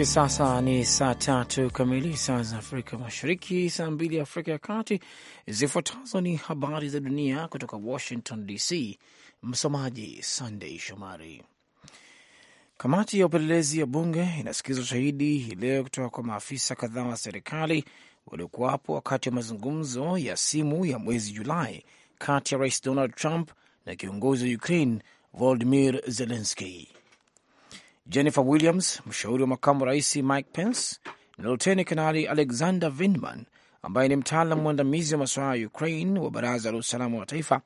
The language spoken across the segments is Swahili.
Hivi sasa ni saa tatu kamili saa za Afrika Mashariki, saa mbili Afrika ya Kati. Zifuatazo ni habari za dunia kutoka Washington DC. Msomaji Sandei Shomari. Kamati ya upelelezi ya bunge inasikiza ushahidi hii leo kutoka kwa maafisa kadhaa wa serikali waliokuwapo wakati wa mazungumzo ya simu ya mwezi Julai kati ya Rais Donald Trump na kiongozi wa Ukraine Volodimir Zelenski. Jennifer Williams, mshauri wa makamu rais Mike Pence, na luteni kanali Alexander Vindman ambaye ni mtaalam mwandamizi wa masuala ya Ukraine wa baraza la usalama wa taifa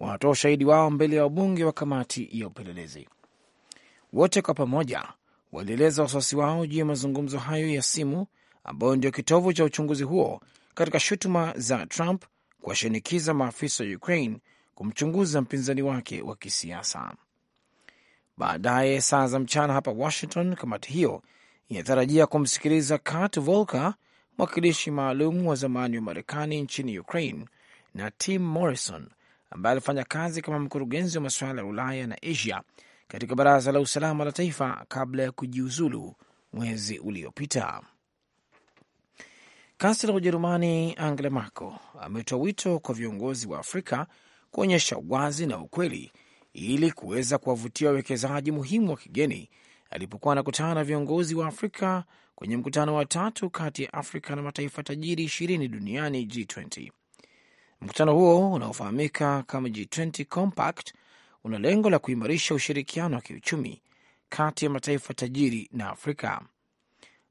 wanatoa ushahidi wao mbele ya wabunge wa kamati ya upelelezi. Wote kwa pamoja walieleza wasiwasi wao juu ya mazungumzo hayo ya simu ambayo ndio kitovu cha uchunguzi huo katika shutuma za Trump kuwashinikiza maafisa wa Ukraine kumchunguza mpinzani wake wa kisiasa baadaye saa za mchana hapa Washington. Kamati hiyo inatarajia kumsikiliza Kurt Volker, mwakilishi maalum wa zamani wa Marekani nchini Ukraine, na Tim Morrison ambaye alifanya kazi kama mkurugenzi wa masuala ya Ulaya na Asia katika Baraza la Usalama la Taifa kabla ya kujiuzulu mwezi uliopita. Kansela wa Ujerumani Angela Merkel ametoa wito kwa viongozi wa Afrika kuonyesha wazi na ukweli ili kuweza kuwavutia wawekezaji muhimu wa kigeni alipokuwa anakutana na viongozi wa Afrika kwenye mkutano wa tatu kati ya Afrika na mataifa tajiri ishirini duniani G20. Mkutano huo unaofahamika kama G20 Compact una lengo la kuimarisha ushirikiano wa kiuchumi kati ya mataifa tajiri na Afrika.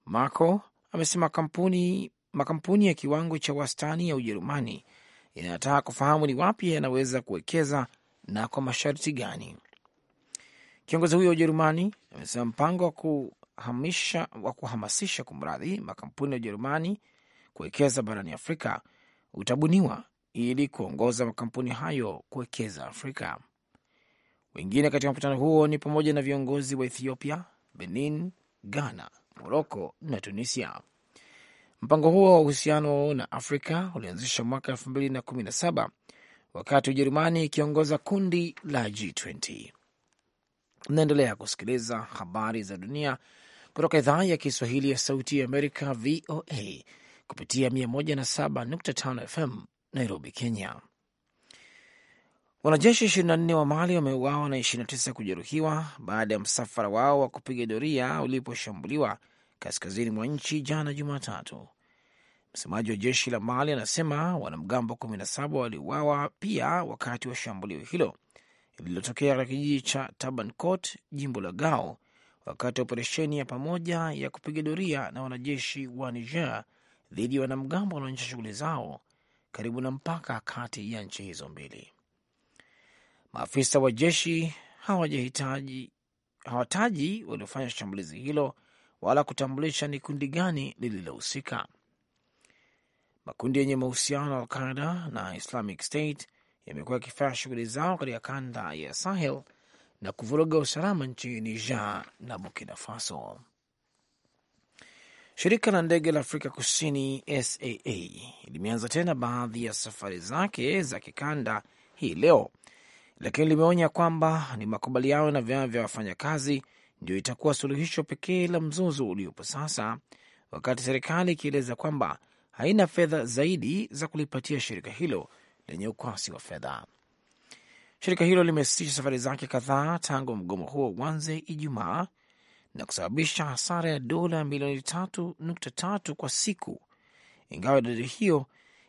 Marco amesema kampuni, makampuni ya kiwango cha wastani ya Ujerumani yanataka kufahamu ni wapi yanaweza kuwekeza na kwa masharti gani. Kiongozi huyo wa Ujerumani amesema mpango wa kuhamisha wa kuhamasisha kumradhi, makampuni ya Ujerumani kuwekeza barani Afrika utabuniwa ili kuongoza makampuni hayo kuwekeza Afrika. Wengine katika mkutano huo ni pamoja na viongozi wa Ethiopia, Benin, Ghana, Moroko na Tunisia. Mpango huo wa uhusiano na Afrika ulianzishwa mwaka elfu mbili na kumi na saba wakati Ujerumani ikiongoza kundi la G20. Mnaendelea kusikiliza habari za dunia kutoka idhaa ya Kiswahili ya Sauti ya Amerika, VOA, kupitia 107.5 FM Nairobi, Kenya. Wanajeshi 24 wa Mali wameuawa na 29 kujeruhiwa baada ya msafara wao wa kupiga doria uliposhambuliwa kaskazini mwa nchi jana Jumatatu. Msemaji wa jeshi la Mali anasema wanamgambo 17 waliuawa pia wakati wa shambulio hilo lililotokea katika kijiji cha Tabankot, jimbo la Gao, wakati wa operesheni ya pamoja ya kupiga doria na wanajeshi wa Niger dhidi ya wanamgambo wanaonyesha shughuli zao karibu na mpaka kati ya nchi hizo mbili. Maafisa wa jeshi hawajahitaji hawataji waliofanya shambulizi hilo wala kutambulisha ni kundi gani lililohusika. Makundi yenye mahusiano na Alqaida na Islamic State yamekuwa yakifanya shughuli zao katika kanda ya Sahel na kuvuruga usalama nchini Niger na Burkina Faso. Shirika la ndege la Afrika Kusini SAA limeanza tena baadhi ya safari zake za kikanda hii leo, lakini limeonya kwamba ni makubaliano na vyama vya wafanyakazi ndio itakuwa suluhisho pekee la mzozo uliopo sasa, wakati serikali ikieleza kwamba haina fedha zaidi za kulipatia shirika hilo lenye ukwasi wa fedha. Shirika hilo limesitisha safari zake kadhaa tangu mgomo huo uanze Ijumaa na kusababisha hasara ya dola milioni tatu nukta tatu kwa siku, ingawa idadi hiyo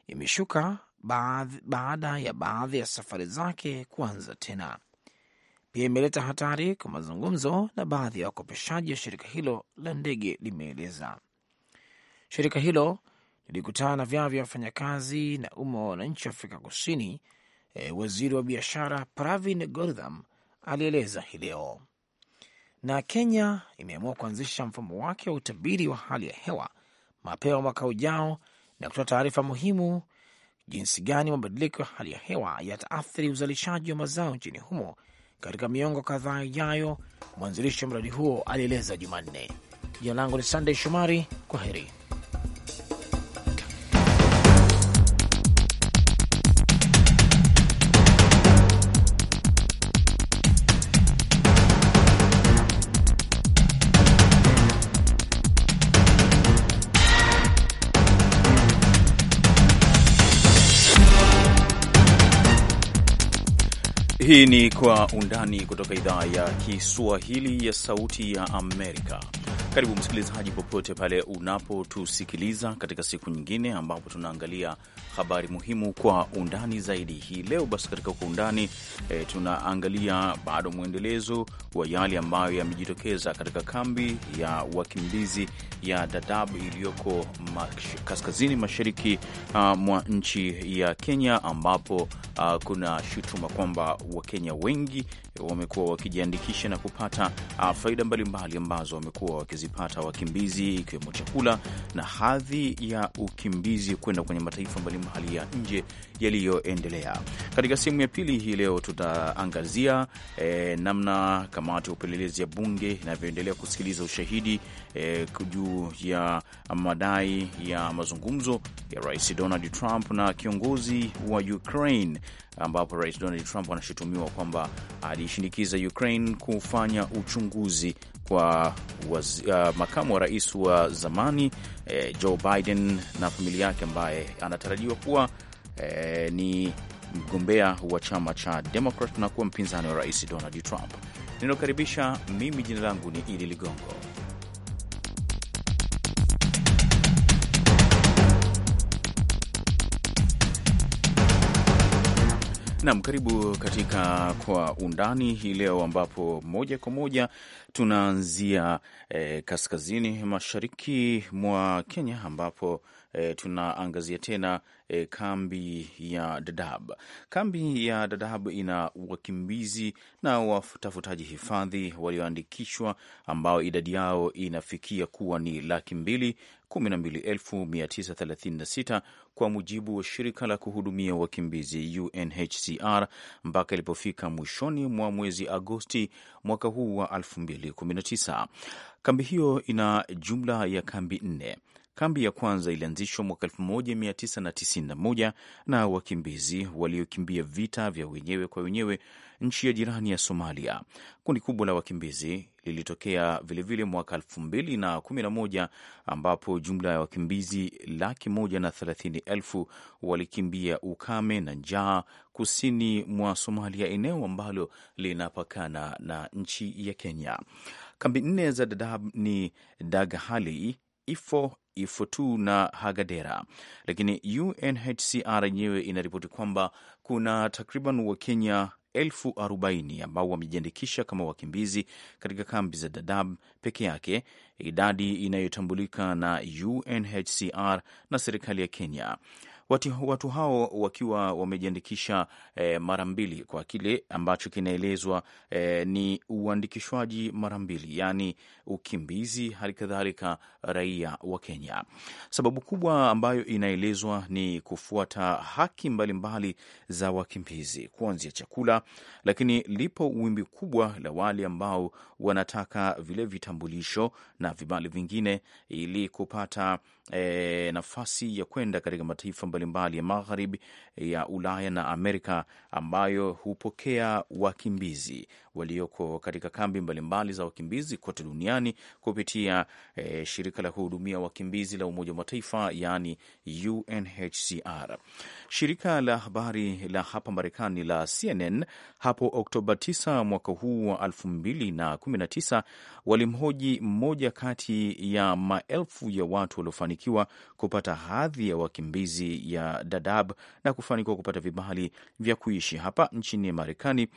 imeshuka baada ya baadhi ya safari zake kuanza tena. Pia imeleta hatari kwa mazungumzo na baadhi ya wakopeshaji wa shirika hilo la ndege, limeeleza shirika hilo ilikutana na vyama vya wafanyakazi na umma wa wananchi wa Afrika Kusini. E, waziri wa biashara Pravin Gordhan alieleza hii leo. Na Kenya imeamua kuanzisha mfumo wake wa utabiri wa hali ya hewa mapema mwaka ujao na kutoa taarifa muhimu jinsi gani mabadiliko ya hali ya hewa yataathiri uzalishaji wa mazao nchini humo katika miongo kadhaa ijayo. Mwanzilishi wa mradi huo alieleza Jumanne. Jina langu ni Sandey Shomari. Kwa heri. Hii ni Kwa Undani kutoka idhaa ya Kiswahili ya Sauti ya Amerika. Karibu msikilizaji, popote pale unapotusikiliza katika siku nyingine ambapo tunaangalia habari muhimu kwa undani zaidi. Hii leo basi, katika Kwa Undani e, tunaangalia bado mwendelezo wa yale ambayo yamejitokeza katika kambi ya wakimbizi ya Dadaab iliyoko kaskazini mashariki uh, mwa nchi ya Kenya ambapo uh, kuna shutuma kwamba Wakenya wengi wamekuwa wakijiandikisha na kupata uh, faida mbalimbali ambazo wamekuwa wakizipata wakimbizi, ikiwemo chakula na hadhi ya ukimbizi kwenda kwenye mataifa mbalimbali ya nje yaliyoendelea. Katika sehemu ya pili hii leo tutaangazia eh, namna kamati ya upelelezi ya bunge inavyoendelea kusikiliza ushahidi eh, juu ya madai ya mazungumzo ya Rais Donald Trump na kiongozi wa Ukraine, ambapo Rais Donald Trump anashutumiwa kwamba alishinikiza Ukraine kufanya uchunguzi kwa waz, uh, makamu wa rais wa zamani eh, Joe Biden na familia yake ambaye anatarajiwa kuwa eh, ni mgombea wa chama cha demokrat na kuwa mpinzani wa rais Donald Trump. ninaokaribisha mimi, jina langu ni Idi Ligongo. Nam, karibu katika Kwa Undani hii leo, ambapo moja kwa moja tunaanzia e, kaskazini mashariki mwa Kenya, ambapo e, tunaangazia tena e, kambi ya Dadaab. Kambi ya Dadaab ina wakimbizi na watafutaji hifadhi walioandikishwa ambao idadi yao inafikia kuwa ni laki mbili 12936 kwa mujibu wa shirika la kuhudumia wakimbizi UNHCR mpaka ilipofika mwishoni mwa mwezi Agosti mwaka huu wa 2019. Kambi hiyo ina jumla ya kambi nne Kambi ya kwanza ilianzishwa mwaka 1991 na, na wakimbizi waliokimbia vita vya wenyewe kwa wenyewe nchi ya jirani ya Somalia. Kundi kubwa la wakimbizi lilitokea vilevile mwaka 2011 ambapo jumla ya wakimbizi laki moja na thelathini elfu walikimbia ukame na njaa kusini mwa Somalia, eneo ambalo linapakana na nchi ya Kenya. Kambi nne za Dadaab ni dagahali Ifo, Ifotu na Hagadera. Lakini UNHCR yenyewe inaripoti kwamba kuna takriban Wakenya elfu arobaini ambao wamejiandikisha kama wakimbizi katika kambi za Dadaab peke yake, idadi inayotambulika na UNHCR na serikali ya Kenya watu, watu hao wakiwa wamejiandikisha e, mara mbili kwa kile ambacho kinaelezwa e, ni uandikishwaji mara mbili, yaani ukimbizi, hali kadhalika raia wa Kenya. Sababu kubwa ambayo inaelezwa ni kufuata haki mbalimbali mbali za wakimbizi kuanzia chakula, lakini lipo wimbi kubwa la wale ambao wanataka vile vitambulisho na vibali vingine ili kupata e, nafasi ya kwenda katika mataifa mbalimbali ya magharibi ya Ulaya na Amerika ambayo hupokea wakimbizi walioko katika kambi mbalimbali za wakimbizi kote duniani kupitia e, shirika la kuhudumia wakimbizi la Umoja wa Mataifa yaani UNHCR. Shirika la habari la hapa Marekani la CNN hapo Oktoba 9 mwaka huu wa 2019 walimhoji mmoja kati ya maelfu ya watu waliofanikiwa kufanikiwa kupata hadhi ya wakimbizi ya Dadaab na kufanikiwa kupata vibali vya kuishi hapa nchini Marekani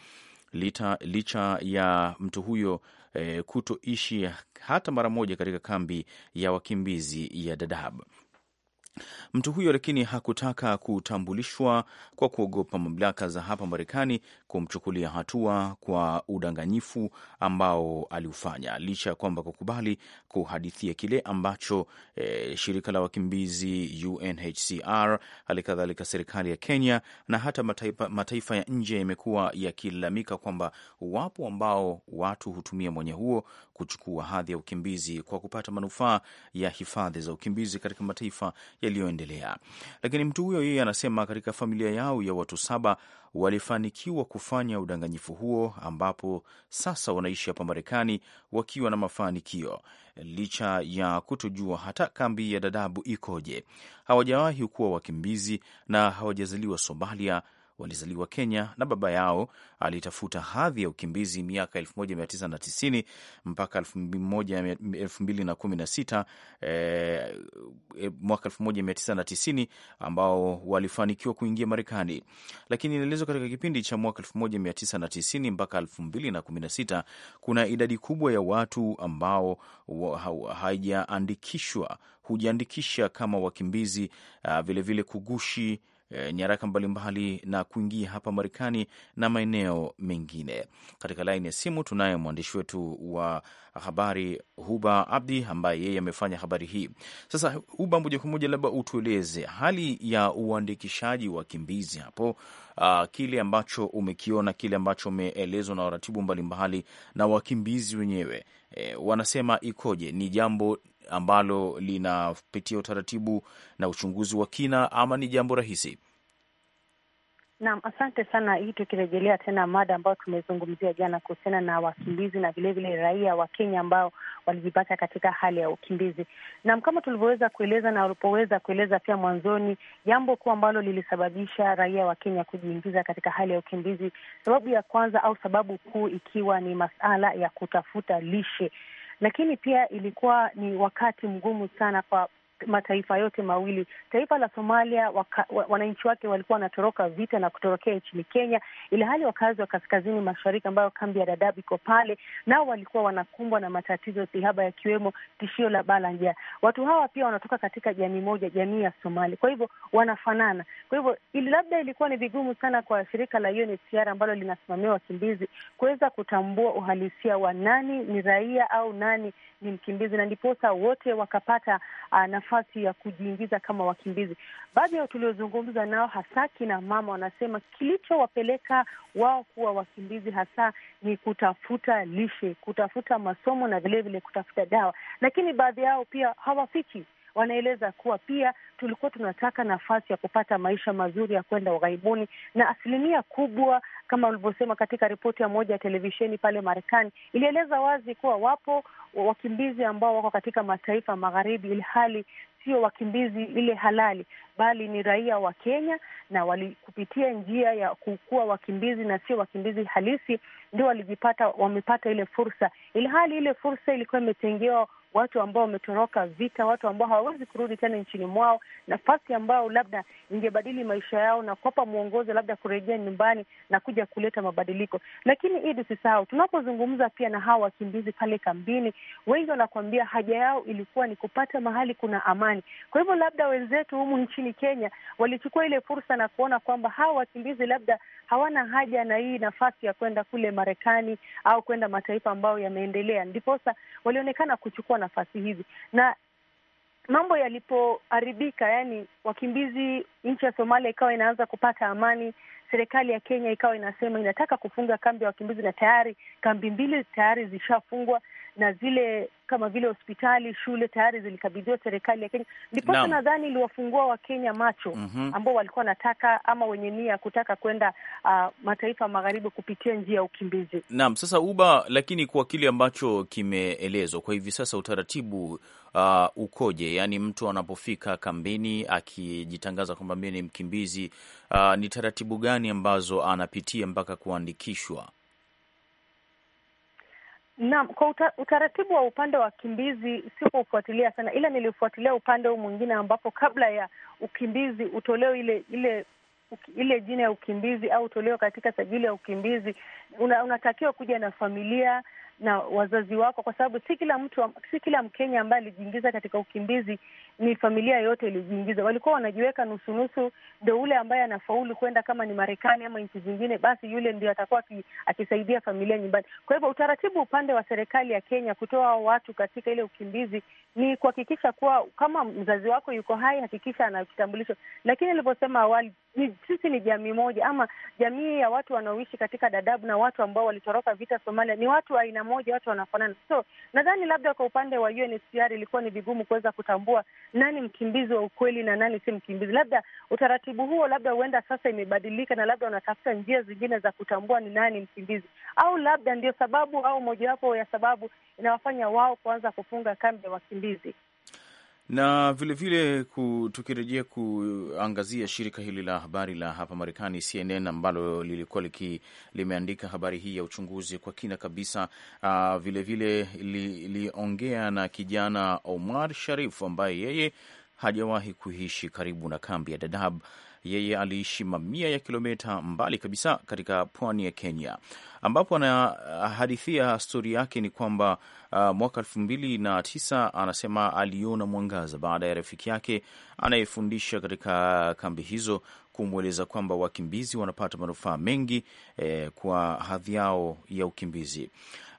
lita, licha ya mtu huyo e, kutoishi hata mara moja katika kambi ya wakimbizi ya Dadaab. Mtu huyo lakini hakutaka kutambulishwa kwa kuogopa mamlaka za hapa Marekani kumchukulia hatua kwa udanganyifu ambao aliufanya, licha ya kwamba kukubali kuhadithia kile ambacho e, shirika la wakimbizi UNHCR, halikadhalika serikali ya Kenya na hata mataifa, mataifa ya nje yamekuwa yakilalamika kwamba wapo ambao watu hutumia mwenye huo kuchukua hadhi ya ukimbizi kwa kupata manufaa ya hifadhi za ukimbizi katika mataifa yaliyoendelea. Lakini mtu huyo yeye anasema katika familia yao ya watu saba walifanikiwa kufanya udanganyifu huo, ambapo sasa wanaishi hapa Marekani wakiwa na mafanikio licha ya kutojua hata kambi ya dadabu ikoje. Hawajawahi kuwa wakimbizi na hawajazaliwa Somalia walizaliwa Kenya na baba yao alitafuta hadhi ya ukimbizi miaka 1990 mpaka 2016, eh, eh, mwaka 1990 ambao walifanikiwa kuingia Marekani, lakini inaelezwa katika kipindi cha mwaka 1990 mpaka 2016 kuna idadi kubwa ya watu ambao haijaandikishwa hujiandikisha kama wakimbizi vilevile, ah, uh, vile kugushi Eh, nyaraka mbalimbali na kuingia hapa Marekani na maeneo mengine. Katika laini ya simu tunaye mwandishi wetu wa habari Huba Abdi ambaye yeye amefanya habari hii. Sasa Huba, moja kwa moja, labda utueleze hali ya uandikishaji wa wakimbizi hapo, uh, kile ambacho umekiona, kile ambacho umeelezwa na waratibu mbalimbali na wakimbizi wenyewe, e, wanasema ikoje? Ni jambo ambalo linapitia utaratibu na uchunguzi wa kina, ama ni jambo rahisi? Naam, asante sana. Hii tukirejelea tena mada ambayo tumezungumzia jana kuhusiana na wakimbizi na vilevile raia wa Kenya ambao walijipata katika hali ya ukimbizi. Naam, kama tulivyoweza kueleza na walipoweza kueleza pia mwanzoni, jambo kuu ambalo lilisababisha raia wa Kenya kujiingiza katika hali ya ukimbizi, sababu ya kwanza au sababu kuu ikiwa ni masala ya kutafuta lishe lakini pia ilikuwa ni wakati mgumu sana kwa mataifa yote mawili. Taifa la Somalia waka, wa, wananchi wake walikuwa wanatoroka vita na kutorokea nchini Kenya, ili hali wakazi wa kaskazini mashariki ambayo kambi ya Dadaab iko pale, nao walikuwa wanakumbwa na matatizo sihaba, yakiwemo tishio la baa la njaa. Watu hawa pia wanatoka katika jamii moja, jamii ya Somali, kwa hivyo wanafanana. Kwa hivyo ili labda ilikuwa ni vigumu sana kwa shirika la UNHCR ambalo linasimamia wakimbizi kuweza kutambua uhalisia wa nani ni raia au nani ni mkimbizi, na ndiposa wote wakapata uh, nafasi nafasi ya kujiingiza kama wakimbizi. Baadhi ya tuliozungumza nao, hasa kina mama, wanasema kilichowapeleka wao kuwa wakimbizi hasa ni kutafuta lishe, kutafuta masomo na vilevile kutafuta dawa, lakini baadhi yao pia hawafiki Wanaeleza kuwa pia tulikuwa tunataka nafasi ya kupata maisha mazuri ya kwenda ughaibuni, na asilimia kubwa kama ulivyosema katika ripoti ya moja ya televisheni pale Marekani ilieleza wazi kuwa wapo wakimbizi ambao wako katika mataifa magharibi, ilhali sio wakimbizi ile halali, bali ni raia wa Kenya na walikupitia njia ya kukuwa wakimbizi na sio wakimbizi halisi, ndio walijipata wamepata ile fursa, ilhali ile fursa ilikuwa imetengewa watu ambao wametoroka vita, watu ambao hawawezi kurudi tena nchini mwao, nafasi ambayo labda ingebadili maisha yao na kuwapa mwongozo, labda kurejea nyumbani na kuja kuleta mabadiliko. Lakini Idi, tusisahau, tunapozungumza pia na hawa wakimbizi pale kambini, wengi wanakuambia haja yao ilikuwa ni kupata mahali kuna amani. Kwa hivyo labda wenzetu humu nchini Kenya walichukua ile fursa na kuona kwamba hawa wakimbizi labda hawana haja na hii nafasi ya kwenda kule Marekani au kwenda mataifa ambayo yameendelea, ndiposa walionekana kuchukua nafasi hizi na mambo yalipoharibika, yani wakimbizi, nchi ya Somalia ikawa inaanza kupata amani, serikali ya Kenya ikawa inasema inataka kufunga kambi ya wakimbizi, na tayari kambi mbili tayari zishafungwa, na zile kama vile hospitali, shule tayari zilikabidhiwa serikali ya Kenya, ndiposa nadhani iliwafungua Wakenya macho mm -hmm. ambao walikuwa wanataka ama wenye nia kutaka kwenda uh, mataifa magharibi kupitia njia ya ukimbizi. Naam, sasa uba, lakini kwa kile ambacho kimeelezwa kwa hivi sasa utaratibu Uh, ukoje? Yaani, mtu anapofika kambini akijitangaza kwamba mimi ni mkimbizi, uh, ni taratibu gani ambazo anapitia mpaka kuandikishwa Naam, kwa uta, utaratibu wa upande wa wakimbizi sikuufuatilia sana, ila nilifuatilia upande huu mwingine ambapo kabla ya ukimbizi utolewe ile ile ile jina ya ukimbizi au utolewe katika sajili ya ukimbizi, unatakiwa una kuja na familia na wazazi wako, kwa sababu si kila mtu, si kila Mkenya ambaye alijiingiza katika ukimbizi ni familia yote ilijiingiza. Walikuwa wanajiweka nusunusu, ndo ule ambaye anafaulu kwenda kama ni Marekani ama nchi zingine, basi yule ndio atakuwa akisaidia familia nyumbani. Kwa hivyo utaratibu upande wa serikali ya Kenya kutoa watu katika ile ukimbizi ni kuhakikisha kuwa kama mzazi wako yuko hai, hakikisha ana kitambulisho. Lakini alivyosema awali ni, sisi ni jamii moja ama jamii ya watu wanaoishi katika Dadaab na watu ambao walitoroka vita Somalia ni watu aina moja, watu wanafanana. So nadhani labda kwa upande wa UNHCR ilikuwa ni vigumu kuweza kutambua nani mkimbizi wa ukweli na nani si mkimbizi. Labda utaratibu huo labda huenda sasa imebadilika, na labda wanatafuta njia zingine za kutambua ni nani mkimbizi, au labda ndio sababu au mojawapo ya sababu inawafanya wao kuanza kufunga kambi ya wakimbizi na vilevile tukirejea kuangazia shirika hili la habari la hapa Marekani CNN ambalo lilikuwa liki, limeandika habari hii ya uchunguzi kwa kina kabisa. Vilevile ah, liliongea li na kijana Omar Sharif ambaye yeye hajawahi kuishi karibu na kambi ya Dadaab yeye aliishi mamia ya kilomita mbali kabisa katika pwani ya Kenya, ambapo anahadithia stori yake. Ni kwamba uh, mwaka elfu mbili na tisa anasema aliona mwangaza baada ya rafiki yake anayefundisha katika kambi hizo kumweleza kwamba wakimbizi wanapata manufaa mengi eh, kwa hadhi yao ya ukimbizi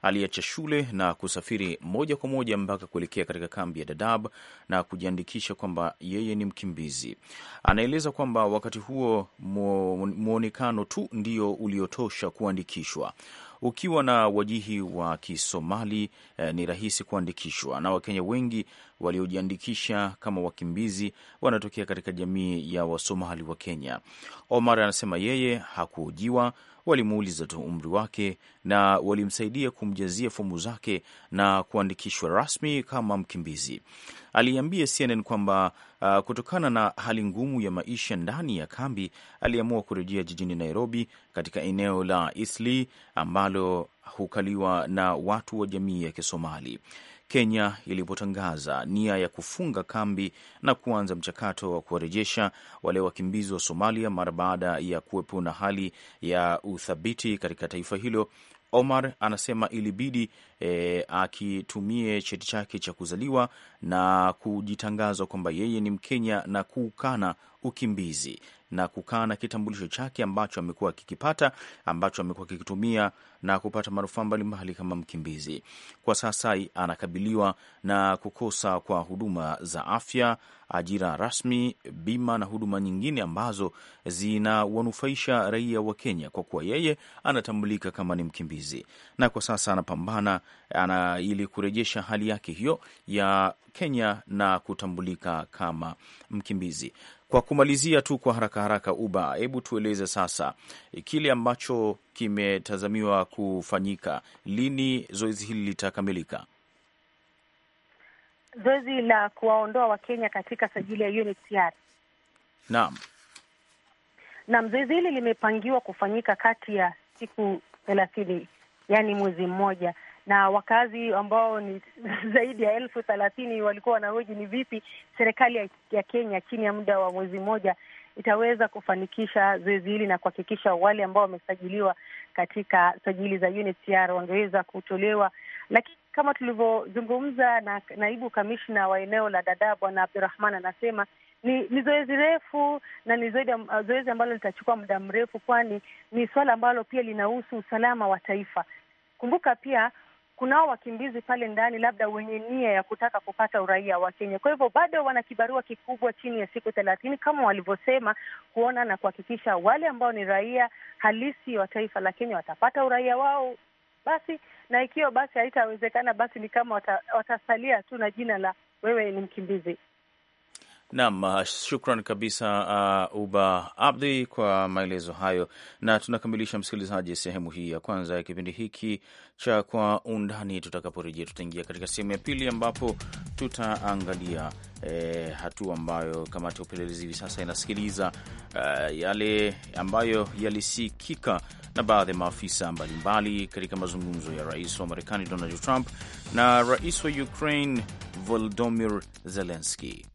aliacha shule na kusafiri moja kwa moja mpaka kuelekea katika kambi ya Dadaab na kujiandikisha kwamba yeye ni mkimbizi. Anaeleza kwamba wakati huo muonekano tu ndio uliotosha kuandikishwa. Ukiwa na wajihi wa Kisomali eh, ni rahisi kuandikishwa, na Wakenya wengi waliojiandikisha kama wakimbizi wanatokea katika jamii ya Wasomali wa Kenya. Omar anasema yeye hakuojiwa, walimuuliza tu umri wake na walimsaidia kumjazia fomu zake na kuandikishwa rasmi kama mkimbizi aliambia CNN kwamba uh, kutokana na hali ngumu ya maisha ndani ya kambi aliamua kurejea jijini Nairobi katika eneo la Isli ambalo hukaliwa na watu wa jamii ya Kisomali. Kenya ilipotangaza nia ya kufunga kambi na kuanza mchakato wa kuwarejesha wale wakimbizi wa Somalia mara baada ya kuwepo na hali ya uthabiti katika taifa hilo, Omar anasema ilibidi e, akitumie cheti chake cha kuzaliwa na kujitangazwa kwamba yeye ni Mkenya na kuukana ukimbizi na na kitambulisho chake ambacho amekuwa akikipata ambacho amekuwa akikitumia na kupata manufaa mbalimbali kama mkimbizi. Kwa sasa anakabiliwa na kukosa kwa huduma za afya, ajira rasmi, bima na huduma nyingine ambazo zinawanufaisha raia wa Kenya, kwa kuwa yeye anatambulika kama ni mkimbizi, na kwa sasa anapambana ana, ili kurejesha hali yake hiyo ya Kenya na kutambulika kama mkimbizi. Kwa kumalizia tu kwa haraka haraka, Uba, hebu tueleze sasa kile ambacho kimetazamiwa kufanyika, lini zoezi hili litakamilika? Zoezi la kuwaondoa Wakenya katika sajili ya UNHCR. Naam, naam, zoezi hili limepangiwa kufanyika kati ya siku thelathini, yaani mwezi mmoja na wakazi ambao ni zaidi ya elfu thelathini walikuwa wanahoji ni vipi serikali ya Kenya chini ya muda wa mwezi mmoja itaweza kufanikisha zoezi hili na kuhakikisha wale ambao wamesajiliwa katika sajili za UNHCR wangeweza kutolewa. Lakini kama tulivyozungumza na naibu kamishna wa eneo la Dadaab Bwana Abdurahman anasema ni, ni zoezi refu na ni zoezi ambalo litachukua muda mrefu, kwani ni suala ambalo pia linahusu usalama wa taifa. Kumbuka pia kunao wakimbizi pale ndani, labda wenye nia ya kutaka kupata uraia wa Kenya. Kwa hivyo bado wana kibarua kikubwa chini ya siku thelathini kama walivyosema, kuona na kuhakikisha wale ambao ni raia halisi wa taifa la Kenya watapata uraia wao basi na ikiwa basi haitawezekana, basi ni kama wata, watasalia tu na jina la wewe ni mkimbizi. Naam, uh, shukran kabisa uh, Uba Abdi kwa maelezo hayo, na tunakamilisha msikilizaji sehemu hii ya kwanza ya kipindi hiki cha Kwa Undani. Tutakaporejea tutaingia katika sehemu ya pili ambapo tutaangalia eh, hatua ambayo kamati ya upelelezi hivi sasa inasikiliza uh, yale ambayo yalisikika na baadhi ya maafisa mbalimbali katika mazungumzo ya rais wa Marekani Donald Trump na rais wa Ukraine Volodymyr Zelensky.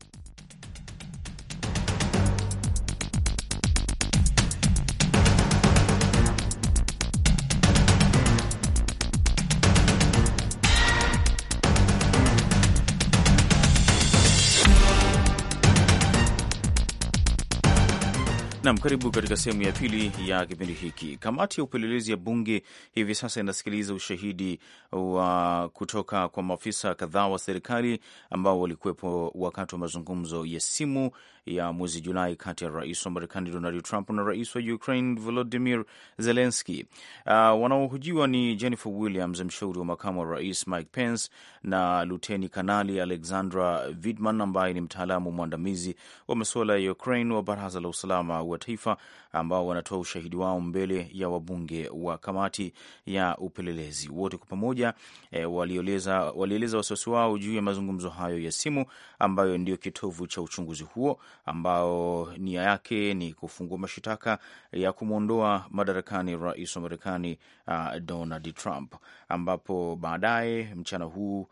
Nam, karibu katika sehemu ya pili ya kipindi hiki. Kamati ya upelelezi ya bunge hivi sasa inasikiliza ushahidi wa kutoka kwa maafisa kadhaa wa serikali ambao walikuwepo wakati wa mazungumzo ya simu ya mwezi Julai kati ya rais wa Marekani Donald Trump na rais wa Ukraine Volodimir Zelenski. Uh, ah, wanaohojiwa ni Jennifer Williams, mshauri wa makamu wa rais Mike Pence, na luteni kanali Alexandra Vidman ambaye ni mtaalamu mwandamizi wa masuala ya Ukraine wa Baraza la Usalama wa Taifa, ambao wanatoa ushahidi wao mbele ya wabunge wa kamati ya upelelezi. Wote kwa pamoja e, walieleza walieleza wasiwasi wao juu ya mazungumzo hayo ya simu ambayo ndio kitovu cha uchunguzi huo ambao nia yake ni kufungua mashitaka ya kumwondoa madarakani rais wa Marekani uh, Donald Trump, ambapo baadaye mchana huu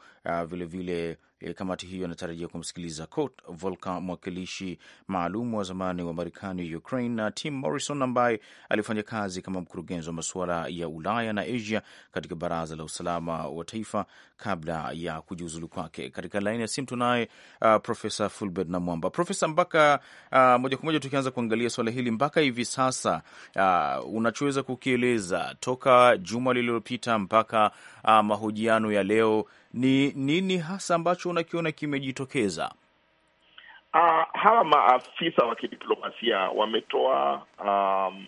vilevile uh, vile Kamati hiyo inatarajia kumsikiliza Kurt Volker, mwakilishi maalum wa zamani wa Marekani Ukraine, na Tim Morrison ambaye alifanya kazi kama mkurugenzi wa masuala ya Ulaya na Asia katika Baraza la Usalama wa Taifa kabla ya kujiuzulu kwake. Katika laini ya simu tunaye uh, Profesa Fulbert na Mwamba. Profesa, mpaka uh, moja kwa moja tukianza kuangalia swala hili mpaka hivi sasa, uh, unachoweza kukieleza toka juma lililopita mpaka uh, mahojiano ya leo ni nini hasa ambacho unakiona kimejitokeza? Uh, hawa maafisa wa kidiplomasia wametoa um,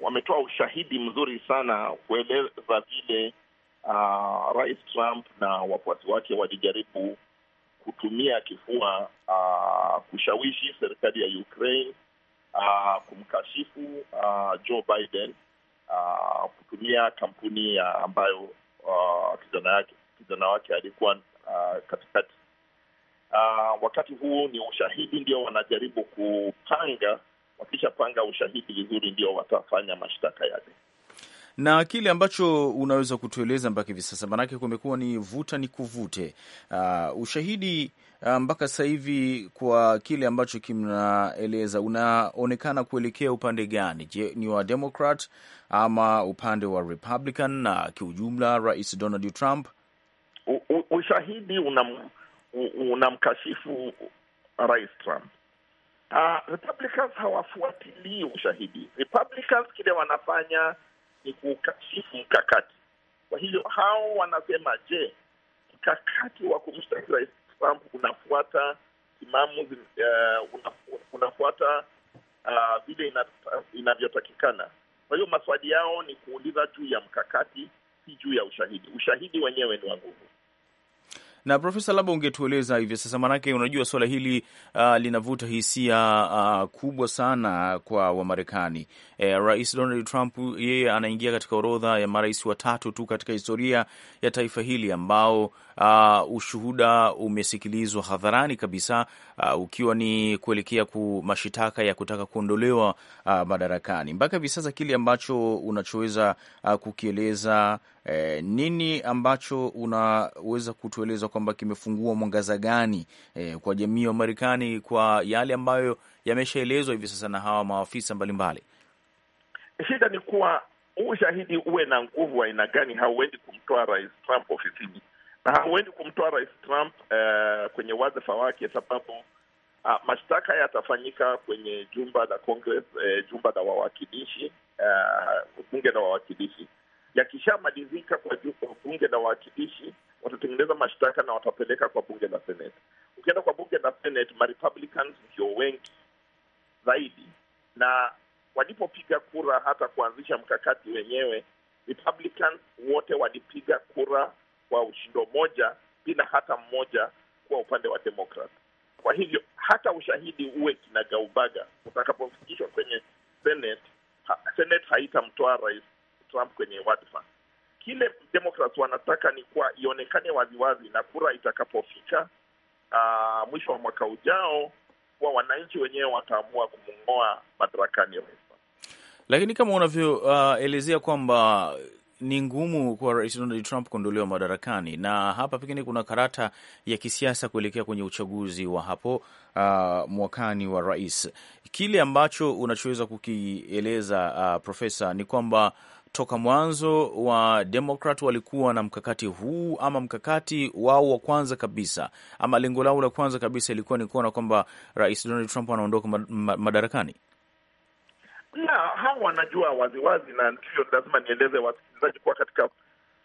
wametoa ushahidi mzuri sana kueleza vile uh, Rais Trump na wafuasi wake walijaribu kutumia kifua uh, kushawishi serikali ya Ukraine uh, kumkashifu uh, Joe Biden uh, kutumia kampuni ambayo uh, kijana yake kijana wake alikuwa uh, katikati. Uh, wakati huu ni ushahidi ndio wanajaribu kupanga, wakishapanga ushahidi vizuri ndio watafanya mashtaka yale na kile ambacho unaweza kutueleza mpaka hivi sasa, maanake kumekuwa ni vuta ni kuvute. Uh, ushahidi uh, mpaka sasa hivi kwa kile ambacho kinaeleza unaonekana kuelekea upande gani? Je, ni wa Democrat ama upande wa Republican? Na kiujumla, Rais Donald Trump ushahidi unam, unamkashifu Rais Trump. Uh, Republicans hawafuatilii ushahidi. Republicans kile wanafanya ni kukashifu mkakati. Kwa hiyo hao wanasema, je, mkakati wa kumshtaki Rais Trump unafuata timamu uh, eh, unafuata uh, vile ina, inavyotakikana. Kwa hiyo maswali yao ni kuuliza juu ya mkakati, si juu ya ushahidi. Ushahidi wenyewe ni wa nguvu. Na Profesa, labda ungetueleza hivi sasa, maanake unajua suala hili uh, linavuta hisia uh, kubwa sana kwa Wamarekani. Eh, Rais Donald Trump yeye anaingia katika orodha ya marais watatu tu katika historia ya taifa hili ambao Uh, ushuhuda umesikilizwa hadharani kabisa uh, ukiwa ni kuelekea ku mashitaka ya kutaka kuondolewa uh, madarakani. Mpaka hivi sasa kile ambacho unachoweza uh, kukieleza E, nini ambacho unaweza kutueleza kwamba kimefungua mwangaza gani e, kwa jamii ya Marekani kwa yale ambayo yameshaelezwa hivi sasa na hawa maafisa mbalimbali? Shida ni kuwa ushahidi uwe na nguvu wa aina gani? Hauendi kumtoa Rais Trump ofisini na hauendi kumtoa Rais Trump uh, kwenye wadhifa wake, sababu uh, mashtaka yatafanyika kwenye jumba la Congress, uh, jumba la wawakilishi, uh, bunge la wawakilishi yakishamalizika kwa, kwa bunge la wawakilishi watatengeneza mashtaka na watapeleka kwa bunge la Senate. Ukienda kwa bunge la Senate, ma Republicans ndio wengi zaidi, na walipopiga kura hata kuanzisha mkakati wenyewe, Republicans wote walipiga kura kwa ushindo moja bila hata mmoja kuwa upande wa demokrat Kwa hivyo hata ushahidi uwe kinagaubaga, utakapofikishwa kwenye Senate, ha Senate haitamtoa rais Trump kwenye wadhifa. Kile Democrats wanataka ni kuwa ionekane waziwazi, na kura itakapofika uh, mwisho wa mwaka ujao, kuwa wananchi wenyewe wataamua kumng'oa madarakani rais. Lakini kama unavyoelezea ah, uh, kwamba ni ngumu kwa rais Donald Trump kuondolewa madarakani, na hapa pengine kuna karata ya kisiasa kuelekea kwenye uchaguzi wa hapo uh, mwakani wa rais. Kile ambacho unachoweza kukieleza uh, profesa, ni kwamba toka mwanzo wa demokrat walikuwa na mkakati huu ama mkakati wao wa kwanza kabisa ama lengo lao la kwanza kabisa ilikuwa ni kuona kwamba Rais Donald Trump anaondoka madarakani? Na hawa wanajua waziwazi, na ndivyo lazima nieleze wasikilizaji kuwa katika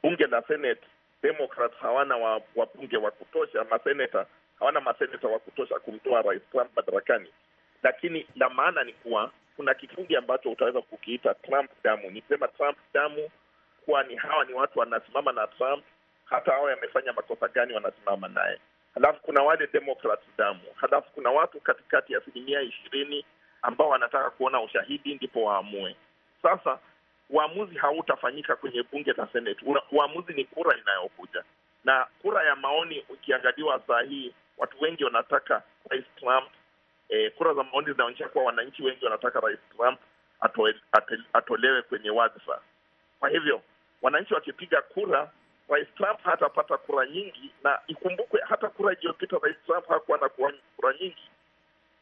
bunge la Senate Demokrat hawana wabunge wa kutosha, maseneta hawana maseneta wa kutosha kumtoa Rais Trump madarakani, lakini la maana ni kuwa kuna kikundi ambacho utaweza kukiita Trump damu. nisema Trump damu, kwani hawa ni watu wanasimama na Trump, hata hawa yamefanya makosa gani, wanasimama naye. Halafu kuna wale Democrat damu, halafu kuna watu katikati ya asilimia ishirini ambao wanataka kuona ushahidi ndipo waamue. Sasa uamuzi hautafanyika kwenye bunge la Seneti. Uamuzi ni kura inayokuja, na kura ya maoni ukiangaliwa saa hii, watu wengi wanataka Rais Trump e, kura za maoni zinaonyesha kuwa wananchi wengi wanataka Rais Trump atole, atole, atolewe kwenye wadhifa. Kwa hivyo wananchi wakipiga kura, Rais Trump hatapata kura nyingi, na ikumbukwe hata kura iliyopita Rais Trump hakuwa na kura nyingi.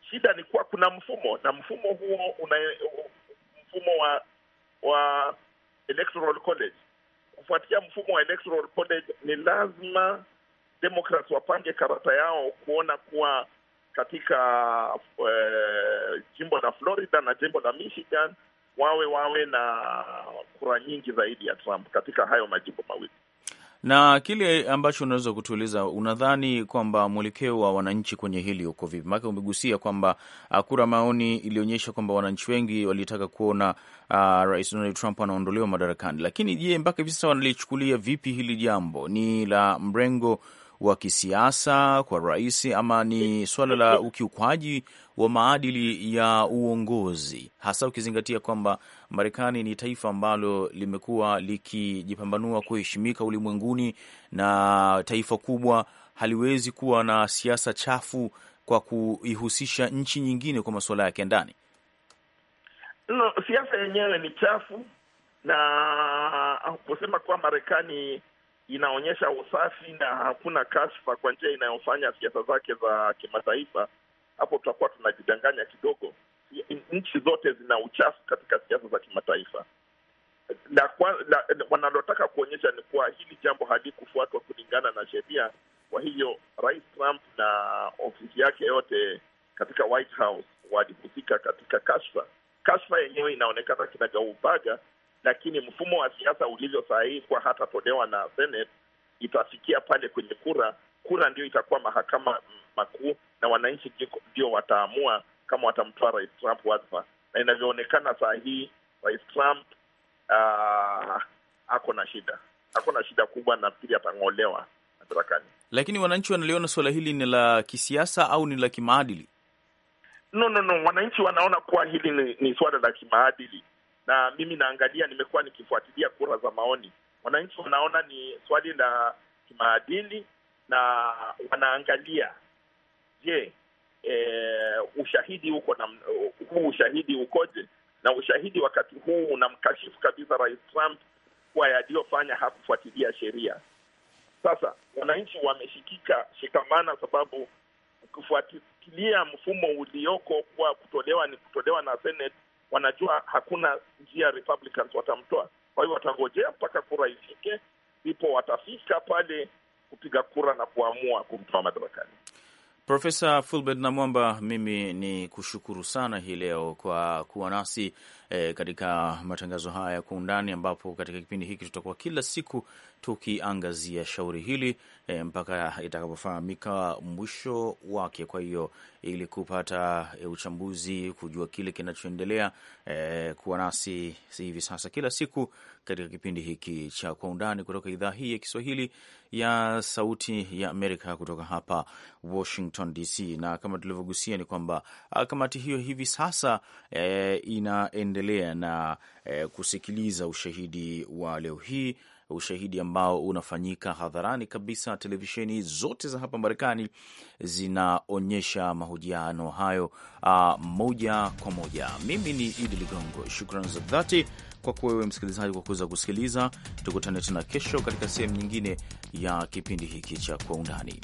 Shida ni kuwa kuna mfumo na mfumo huo una mfumo wa wa Electoral College. Kufuatia mfumo wa Electoral College, ni lazima Democrats wapange karata yao kuona kuwa katika eh, jimbo la Florida na jimbo la Michigan wawe wawe na kura nyingi zaidi ya Trump katika hayo majimbo mawili. Na kile ambacho unaweza kutueleza, unadhani kwamba mwelekeo wa wananchi kwenye hili uko vipi? Maanake umegusia kwamba ah, kura maoni ilionyesha kwamba wananchi wengi walitaka kuona uh, Rais Donald Trump anaondolewa madarakani, lakini je, mpaka hivi sasa wanalichukulia vipi hili jambo? Ni la mrengo wa kisiasa kwa rais ama ni swala la ukiukwaji wa maadili ya uongozi, hasa ukizingatia kwamba Marekani ni taifa ambalo limekuwa likijipambanua kuheshimika ulimwenguni na taifa kubwa haliwezi kuwa na siasa chafu kwa kuihusisha nchi nyingine kwa masuala yake ndani. No, siasa yenyewe ni chafu na kusema kuwa Marekani inaonyesha usafi na hakuna kashfa kwa njia inayofanya siasa zake za kimataifa, hapo tutakuwa tunajidanganya kidogo. Nchi zote zina uchafu katika siasa za kimataifa. La, la, wanalotaka kuonyesha ni kuwa hili jambo halikufuatwa kulingana na sheria. Kwa hiyo Rais Trump na ofisi yake yote katika White House walihusika katika kashfa. Kashfa yenyewe inaonekana kinagaubaga lakini mfumo wa siasa ulivyo saa hii, hata hatatolewa na Senate, itafikia pale kwenye kura. Kura ndio itakuwa mahakama makuu, na wananchi ndio wataamua kama watamtoa rais Trump wadhifa. Na inavyoonekana saa hii rais Trump uh, ako na shida, ako na shida kubwa. Nafikiri atang'olewa madarakani. Lakini wananchi wanaliona suala hili ni la kisiasa au ni la kimaadili? No, no, no, wananchi wanaona kuwa hili ni, ni suala la kimaadili na mimi naangalia, nimekuwa nikifuatilia kura za maoni, wananchi wanaona ni swali la kimaadili na wanaangalia je, e, ushahidi uko na huu ushahidi ukoje? Na ushahidi wakati huu unamkashifu kabisa Rais Trump kuwa yaliyofanya hakufuatilia sheria. Sasa wananchi wameshikika shikamana, sababu ukifuatilia mfumo ulioko kuwa kutolewa ni kutolewa na Senate wanajua hakuna njia Republicans watamtoa. Kwa hiyo watangojea mpaka kura ifike, ndipo watafika pale kupiga kura na kuamua kumtoa madarakani. Profesa Fulbert Namwamba, mimi ni kushukuru sana hii leo kwa kuwa nasi e, katika matangazo haya ya kwa undani, ambapo katika kipindi hiki tutakuwa kila siku tukiangazia shauri hili e, mpaka itakapofahamika mwisho wake. Kwa hiyo ili kupata e, uchambuzi, kujua kile kinachoendelea, e, kuwa nasi hivi sasa kila siku katika kipindi hiki cha kwa undani kutoka idhaa hii ya Kiswahili ya Sauti ya Amerika kutoka hapa Washington DC, na kama tulivyogusia ni kwamba kamati hiyo hivi sasa e, inaendelea tunaendelea na e, kusikiliza ushahidi wa leo hii, ushahidi ambao unafanyika hadharani kabisa. Televisheni zote za hapa Marekani zinaonyesha mahojiano hayo a, ah, moja kwa moja. Mimi ni Idi Ligongo, shukrani za dhati kwako wewe msikilizaji kwa kuweza kusikiliza. Tukutane tena kesho katika sehemu nyingine ya kipindi hiki cha Kwa Undani.